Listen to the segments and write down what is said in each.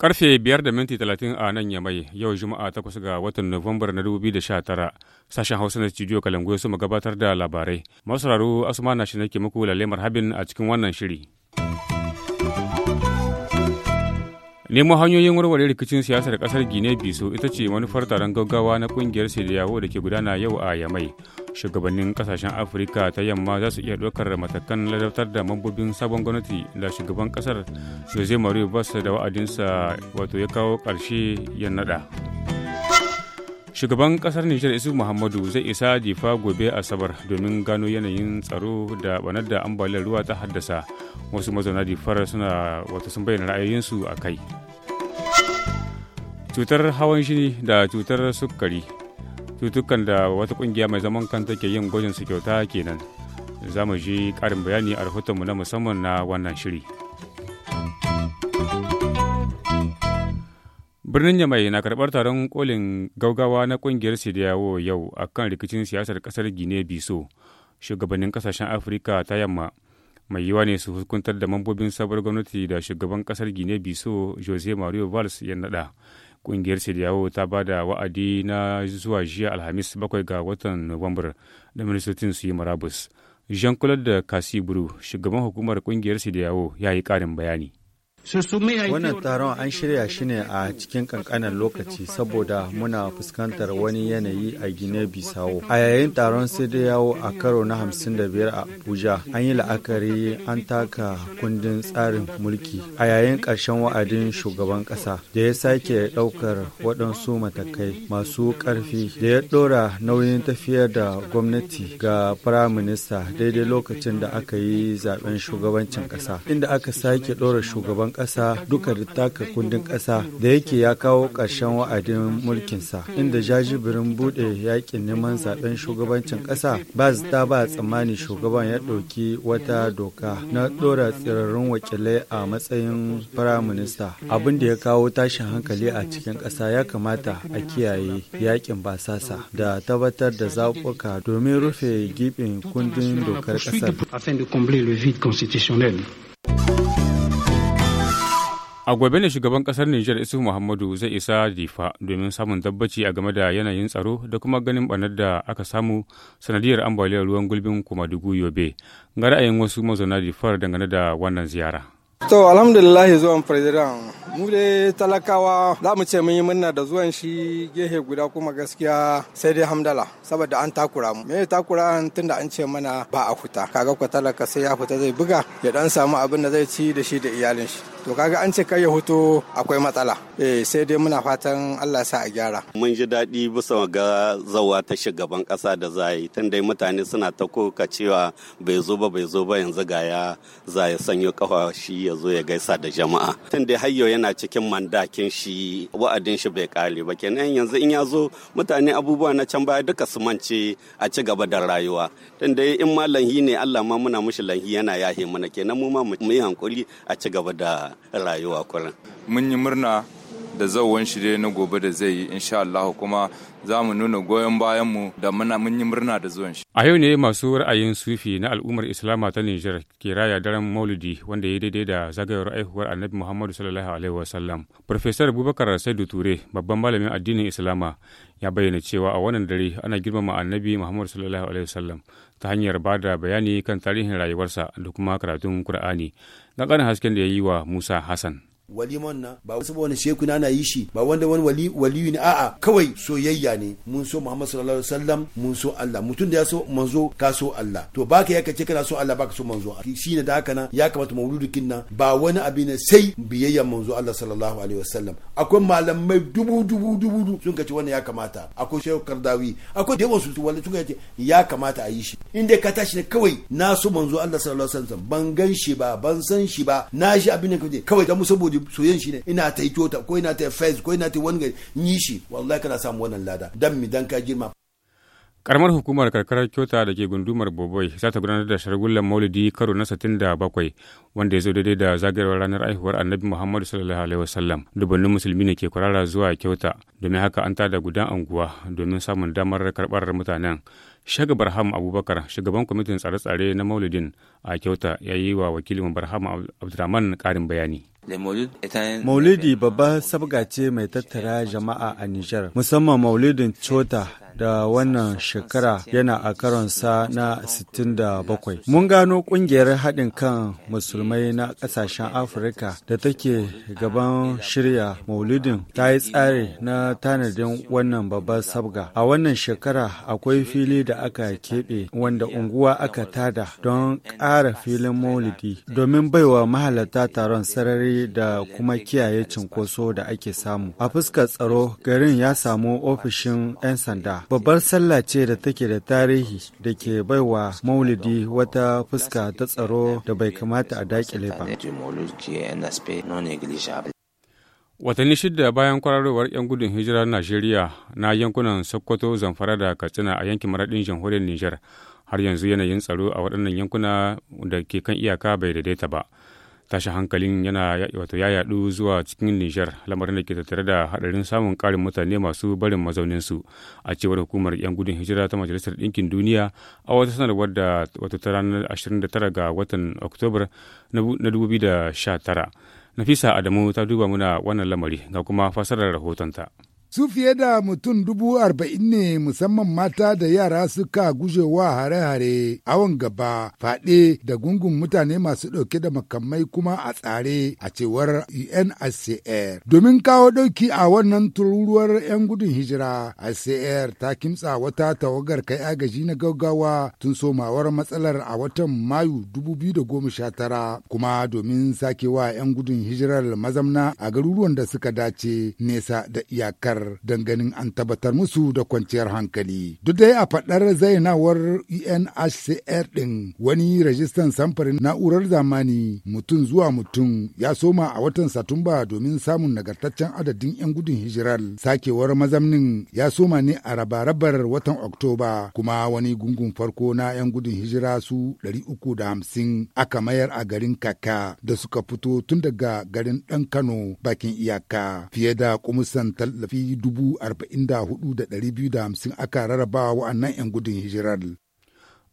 Karfe 5 da minti talatin a nan Yamai, yau Juma'a takwas ga watan Nuwambar na 2019, sashen Hausa na studio Kalangu su gabatar da labarai. Masu sauraro Asuma na shi nake muku lalemar habin a cikin wannan shiri. neman hanyoyin warware rikicin siyasar kasar Gine Biso ita ce manufar taron gaggawa na kungiyar Sediyawo da ke gudana yau a Yamai. Shugabannin kasashen Afirka ta yamma za su iya ɗaukar matakan ladabtar da mambobin sabon gwamnati da shugaban kasar Jose Mario Bassa da wa'adinsa wato ya kawo ƙarshe ya naɗa. shugaban kasar nijar isu muhammadu zai isa jifa gobe asabar domin gano yanayin tsaro da banar da ambaliyar ruwa ta haddasa wasu mazauna jifar suna wata sun bayyana ra'ayoyinsu a kai cutar hawan shini da cutar sukari cutukan da wata kungiya mai zaman kanta ke yin gwajin su kyauta kenan za mu ji karin bayani a rahotonmu na musamman na wannan shiri birnin yamai na karɓar taron kolin gaugawa na kungiyar sidiyawo yau a kan rikicin siyasar ƙasar gine biso shugabannin kasashen afirka ta yamma mai yiwa ne su hukuntar da mambobin sabuwar gwamnati da shugaban ƙasar gine biso jose mario valls ya naɗa Ƙungiyar Sidiyawo ta ba da wa'adi na zuwa jiya Alhamis bakwai ga watan Nuwambar da ministocin su yi marabus. Jean-Claude Kasiburu, shugaban hukumar ƙungiyar Sidiyawo, ya yi ƙarin bayani. Wannan taron an shirya shi ne a cikin kankanan lokaci saboda muna fuskantar wani yanayi a gine bisawo. A yayin taron sai dai yawo a karo na 55 a Abuja, an yi la'akari an taka kundin tsarin mulki a yayin ƙarshen wa'adin shugaban ƙasa da ya sake ɗaukar waɗansu matakai masu ƙarfi da ya ɗora nauyin tafiyar da gwamnati ga firaminista daidai lokacin da aka yi zaɓen shugabancin ƙasa, inda aka sake ɗora shugaban shugaban ƙasa duka da taka kundin ƙasa da yake ya kawo ƙarshen wa'adin mulkinsa inda jajibirin bude yakin neman zaɓen shugabancin ƙasa ba ta ba tsammani shugaban ya ɗauki wata doka na ɗora tsirarrun wakilai a matsayin firaminista abin da ya kawo tashin hankali a cikin ƙasa ya kamata a kiyaye yakin basasa da tabbatar da zaɓuka domin rufe gibin kundin dokar ƙasar. A gobe ne shugaban kasar Nijar Isu Muhammadu zai isa Difa domin samun tabbaci a game da yanayin tsaro da kuma ganin banar da aka samu sanadiyar ambaliyar ruwan gulbin Kumadugu Yobe. Ga ra'ayin wasu mazauna Difar dangane da wannan ziyara. To alhamdulillah zuwan president mu dai talakawa za mu ce mun yi murna da zuwan shi gehe guda kuma gaskiya sai dai hamdala saboda an takura mu me takura an tunda an ce mana ba a huta. kaga ko talaka sai ya fita zai buga ya dan samu abin da zai ci da shi da iyalin shi to kaga an ce kai ya huto akwai matsala eh sai dai muna fatan Allah sa a gyara mun ji daɗi bisa ga zawa ta shugaban ƙasa da zai tun dai mutane suna ta koka cewa bai zo ba bai zo ba yanzu ga ya zai sanyo kafa shi ya zo ya gaisa da jama'a tun da hayyo yana cikin mandakin shi wa'adin shi bai kare ba kenan yanzu in ya zo mutane abubuwa na can baya duka su mance a ci gaba da rayuwa tun da in ma lanhi ne Allah ma muna mushi lanhi yana yahe mana kenan mu ma mu yi hankuri a ci gaba da rayuwa kurin mun yi murna da zauwan shirye na gobe da zai yi insha Allah kuma za mu nuna goyon bayan mu da muna mun yi murna da zuwan shi. A yau ne masu ra'ayin sufi na al'ummar Islama ta Nijar ke raya daren Maulidi wanda ya daidai da zagayowar aihuwar Annabi Muhammadu sallallahu alaihi wasallam. Profesor Abubakar Saidu Ture, babban malamin addinin Islama, ya bayyana cewa a wannan dare ana girmama Annabi Muhammadu sallallahu alaihi wasallam ta hanyar ba da bayani kan tarihin rayuwarsa da kuma karatun Kur'ani. Na ƙarin hasken da ya yi wa Musa Hassan. waliman na ba wasu wani sheku na yi shi ba wanda wani wali waliyu ne a'a kawai soyayya ne mun so Muhammad sallallahu alaihi wasallam mun so Allah mutum da ya so manzo ka so Allah to baka ya kace kana so Allah baka so manzo shine da haka na ya kamata mauludukin nan ba wani abin ne sai biyayya manzo Allah sallallahu alaihi wasallam akwai malamai dubu dubu dubu sun kace wannan ya kamata akwai shehu Kardawi akwai da yawan su wanda sun kace ya kamata a yi shi in dai ka tashi ne kawai na so manzo Allah sallallahu alaihi wasallam ban gan shi ba ban san shi ba na shi abin ne kawai kawai da mu saboda shi soyayyen shi ne ina ta yi kyota ko ina ta yi fez ko ina ta yi wani gari yi shi wallahi kana samu wannan lada dan mi dan ka girma karamar hukumar karkarar kyota da ke gundumar boboi za ta gudanar da shargullan maulidi karo na bakwai wanda ya zo daidai da zagayowar ranar aihuwar annabi muhammadu sallallahu alaihi wasallam dubannin musulmi ne ke kwarara zuwa kyota domin haka an tada gudan anguwa domin samun damar karbar mutanen shaga barham abubakar shugaban kwamitin tsare-tsare na maulidin a kyauta ya yi wa wakilin barham abdulrahman karin bayani Maulidi babban sabga ce mai tattara jama'a a Nijar, musamman maulidin Chota da wannan shekara yana a karonsa na 67. Mun gano ƙungiyar haɗin kan musulmai na ƙasashen Afirka da take gaban shirya maulidin ta yi tsari na tanadin wannan babbar sabga. A wannan shekara akwai fili da aka keɓe wanda unguwa aka tada don ƙara filin maulidi domin baiwa mahalarta taron sarari da kuma kiyaye cinkoso da ake samu. A fuskar tsaro garin ya samu ofishin 'yan sanda babbar sallah ce da take da tarihi da ke baiwa maulidi wata fuska ta tsaro da bai kamata a dakile ba. Watanni shida bayan kwararowar 'yan gudun hijirar Najeriya na yankunan Sokoto, Zamfara da Katsina a yankin maradin jamhuriyar Nijar har yanzu yanayin tsaro a waɗannan yankuna da ke kan iyaka bai daidaita ba. tashin hankalin yana wato ya yaɗu zuwa cikin nijar lamarin da ke tattare da hadarin samun karin mutane masu barin mazauninsu a cewar hukumar yan gudun hijira ta majalisar ɗinkin duniya a wata sanarwar da wato ta ranar 29 ga watan oktobar na 2019 nafisa adamu ta duba muna wannan lamari ga kuma fasarar rahotonta. Su fiye da mutum dubu arba'in ne musamman mata da yara suka wa hare-hare awon gaba faɗe da gungun mutane masu ɗauke da makamai kuma a tsare a cewar UNHCR. Domin kawo ɗauki a wannan tururuwar 'yan gudun hijira, ICR ta kimtsa wata tawagar kai agaji na gaggawa tun somawar matsalar a watan Mayu 2019 kuma domin sakewa 'yan gudun hijirar mazamna a garuruwan da suka dace nesa da iyakar. don danganin an tabbatar musu da kwanciyar hankali. Duk dai a faɗar zainawar UNHCR ɗin wani rajistan samfarin na'urar zamani mutum zuwa mutum ya soma a watan Satumba domin samun nagartaccen adadin 'yan gudun hijirar. Sakewar mazamnin ya soma ne a rabarabar watan Oktoba kuma wani gungun farko na 'yan gudun hijira su 350 aka mayar a garin Kaka da suka fito tun daga garin ɗan Kano bakin iyaka fiye da kumusan tallafi da 44,250 aka rarraba wa'annan 'yan gudun hijirar.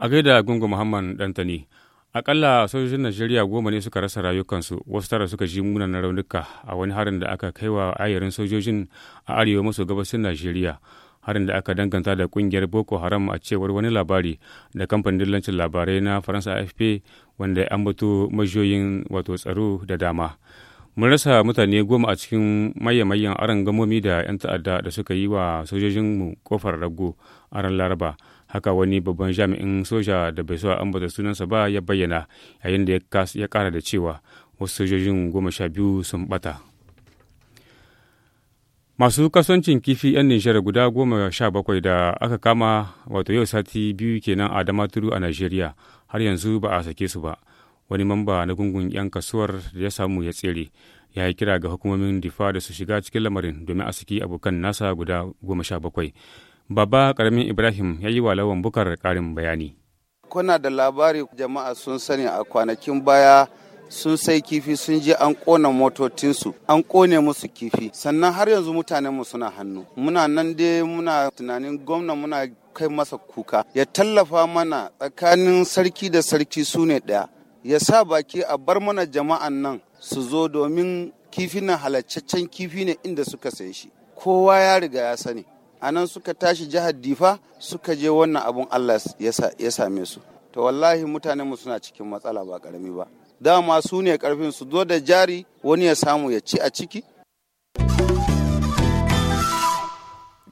A gaida gungun Muhammad Dantani, akalla sojojin Najeriya goma ne suka rasa rayukansu, wasu tara suka ji munanan raunuka a wani harin da aka kai wa ayarin sojojin a arewa maso gabashin Najeriya. harin da aka danganta da kungiyar boko haram a cewar wani labari da kamfanin dillancin labarai na faransa afp wanda ya ambato majiyoyin wato tsaro da dama mun rasa mutane goma a cikin maye-mayen aron gamomi da 'yan ta'adda da suka yi wa sojojinmu kofar rago a ran laraba haka wani babban jami'in soja da bai so a ambata sunansa ba ya bayyana yayin da ya kara da cewa wasu sojojin goma sha biyu sun bata masu kasuwancin kifi 'yan nijar guda goma sha bakwai da aka kama wato yau sati biyu kenan a damaturu a najeriya har yanzu ba a sake su ba wani mamba na gungun 'yan kasuwar da ya samu ya tsere ya yi kira ga hukumomin difa da su shiga cikin lamarin domin a saki abokan nasa guda goma sha bakwai baba karamin ibrahim ya yi wa lawan bukar karin bayani kuna da labari jama'a sun sani a kwanakin baya sun sai kifi sun je an kona motocinsu an kone musu kifi sannan har yanzu mutanenmu suna hannu muna nan dai muna tunanin gwamna muna kai masa kuka ya tallafa mana tsakanin sarki da sarki su ne ɗaya ya sa baki a bar mana jama'an nan su zo domin kifi na halaccen kifi ne inda suka sayi shi kowa ya riga ya sani a nan suka tashi jihar difa suka je wannan abun allah ya same su ta wallahi mutanen mu suna cikin matsala ba karami ba dama su ne karfin su zo da jari wani ya samu ya ci a ciki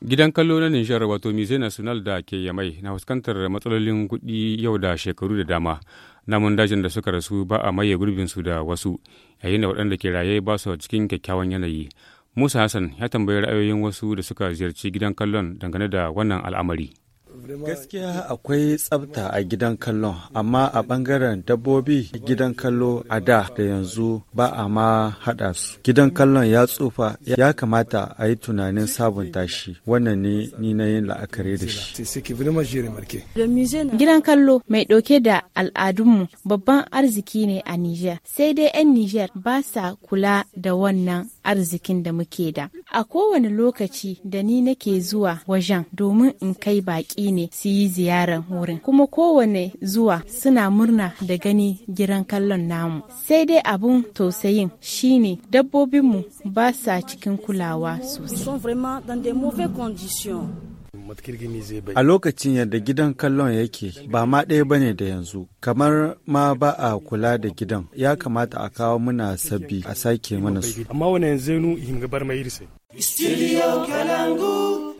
Gidan kallo na Nijar wato Musée National da ke Yamai na fuskantar matsalolin kuɗi yau da shekaru da dama. namun dajin da suka rasu ba a maye gurbinsu da wasu yayin da waɗanda ke raye ba su cikin kyakkyawan yanayi musa hassan ya tambayi ra'ayoyin wasu da suka ziyarci gidan kallon dangane da wannan al'amari Gaskiya akwai tsabta a gidan kallon, amma a ɓangaren dabbobi gidan kallo a da da yanzu ba a ma haɗa su. Gidan kallon ya tsufa ya kamata a yi tunanin sabunta shi, wannan ne ni na yin la'akari da shi. Gidan kallo mai ɗauke da al'adunmu babban arziki ne a Nijar, sai dai 'yan Nijar ba sa kula da wannan arzikin da muke da. A kowane lokaci da ni nake zuwa wajen domin in kai baƙi ne su yi ziyarar wurin. Kuma kowane zuwa suna murna da gani giran kallon namu. Sai dai abun tausayin shine dabbobinmu ba sa cikin kulawa sosai. A lokacin yadda gidan kallon yake ba ma ɗaya ne da yanzu, kamar ma ba a kula da gidan ya kamata a kawo muna sabbi a sake mana su. Amma wani Studio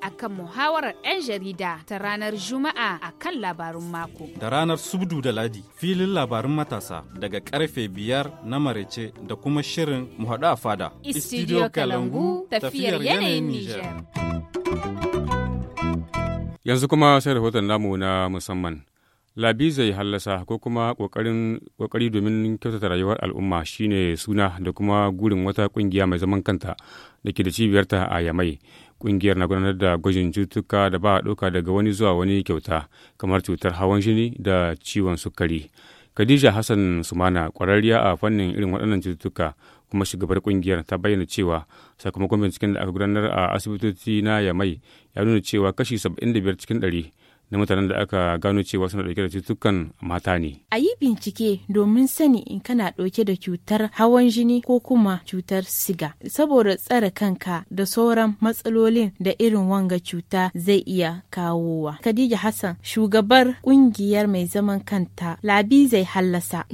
akan muhawarar 'yan jarida ta ranar Juma'a a kan labarun mako. Da ranar Subdu da Ladi filin labarun matasa daga karfe biyar na marece da kuma shirin muhaɗu a fada. Istidiyo Kalangu tafiyar yanayin Nijar. Yanzu kuma sai rahoton namu na musamman. Labi zai hallasa ko kuma ƙoƙari domin kyautata rayuwar al'umma shine suna da kuma gurin wata ƙungiya mai zaman kanta da ke da cibiyarta a Yamai Ƙungiyar na gudanar da gwajin cutuka da ba a ɗauka daga wani zuwa wani kyauta kamar cutar hawan jini da ciwon sukari. Khadija Hassan Sumana ƙwararriya a fannin irin waɗannan cututtuka kuma shugabar ƙungiyar ta bayyana cewa sakamakon binciken da aka gudanar a asibitoci na Yamai ya nuna cewa kashi saba'in da biyar cikin ɗari. na mutanen da aka gano cewa suna dauke da cututtukan mata ne. A yi bincike domin sani in kana dauke da cutar hawan jini ko kuma cutar siga. Saboda tsare kanka da sauran matsalolin da irin wanga cuta zai iya kawowa. Khadija Hassan shugabar kungiyar mai zaman kanta labi zai hallasa.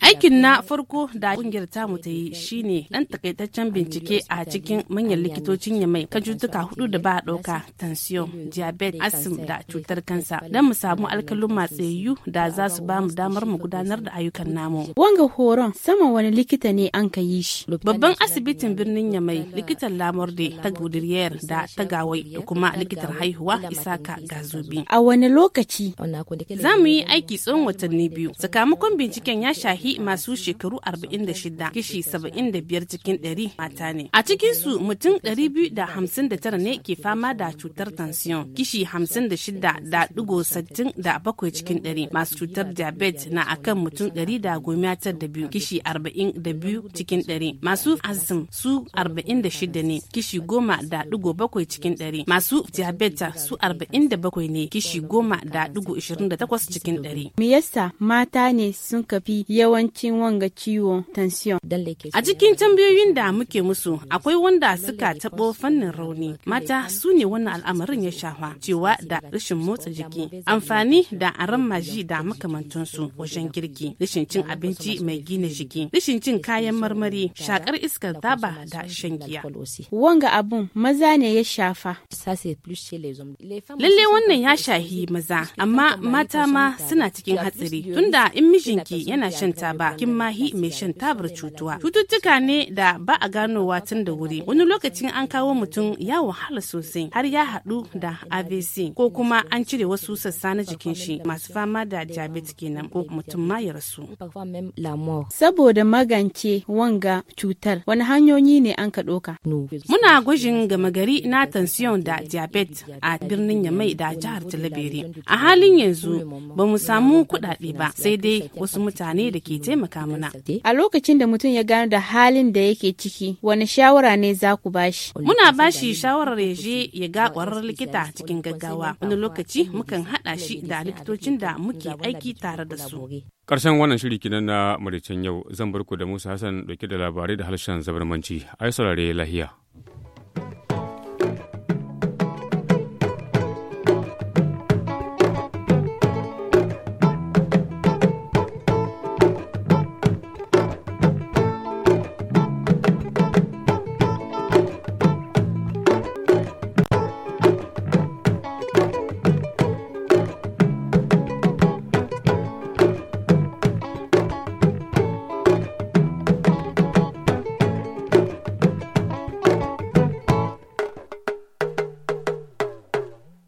Aikin na farko da kungiyar mu ta yi shine ɗan takaitaccen bincike a cikin manyan likitocin yamai kan cutuka hudu da ba a ɗauka. tansiyon, diabetes, asim da cutar kansa. kansa don mu samu alkalin matsayayyu da za su ba mu damar mu gudanar da ayyukan namu. Wanga horon sama wani likita ne an ka yi shi. Babban asibitin birnin Yamai likitan Lamurde ta Gudiriyar da ta Gawai da kuma likitar haihuwa Isaka Gazubi. A wani lokaci? Za mu yi aiki tsawon watanni biyu. Sakamakon binciken ya shahi masu shekaru 46 kishi 75 cikin 100 mata ne. A cikin su mutum 259 ne ke fama da cutar tansiyon kishi 56 da digo sittin da bakwai cikin ɗari masu cutar diabetes na akan mutum ɗari da goma da biyu kishi arba'in da biyu cikin ɗari masu azim su arba'in da shida ne kishi goma da digo bakwai cikin ɗari masu diabetes su arba'in da bakwai ne kishi goma da digo ishirin da takwas cikin ɗari. me yasa mata ne sun kafi yawancin wanga ciwon tension. a cikin tambayoyin da muke musu akwai wanda suka taɓo fannin rauni mata su ne wannan al'amarin ya shafa cewa da rashin motsa jiki jiki amfani da aran maji da makamantansu wajen girki rashin cin abinci mai gina jiki rashin cin kayan marmari shakar iskar taba da shan giya wanga abun maza ne ya shafa lalle wannan ya shahi maza amma mata ma suna cikin hatsari tunda in mijinki yana shan taba kin mahi mai shan tabar cutuwa cututtuka ne da ba a ganowa tun da wuri wani lokacin an kawo mutum ya wahala sosai har ya haɗu da abc ko kuma an cire cire wasu sassa na jikin shi masu fama da diabetes kenan ko mutum ma ya rasu. Saboda magance wanga cutar wani hanyoyi ne an ka ɗoka. Muna gwajin gama gari na tansiyon da diabetes a birnin Yamai da jihar Talabere. A halin yanzu ba mu samu kuɗaɗe ba sai dai wasu mutane da ke taimaka mana. A lokacin da mutum ya gano da halin da yake ciki wani shawara ne za ku bashi? Muna bashi shawarar ya je ya ga ƙwararren likita cikin gaggawa wani lokaci mukan haɗa shi da likitocin da muke aiki tare da su. karshen wannan shiri kinan na maraicen yau zan barku da Musa Hassan dauke da labarai da harshen zabarmanci. Ai saurare lahiya.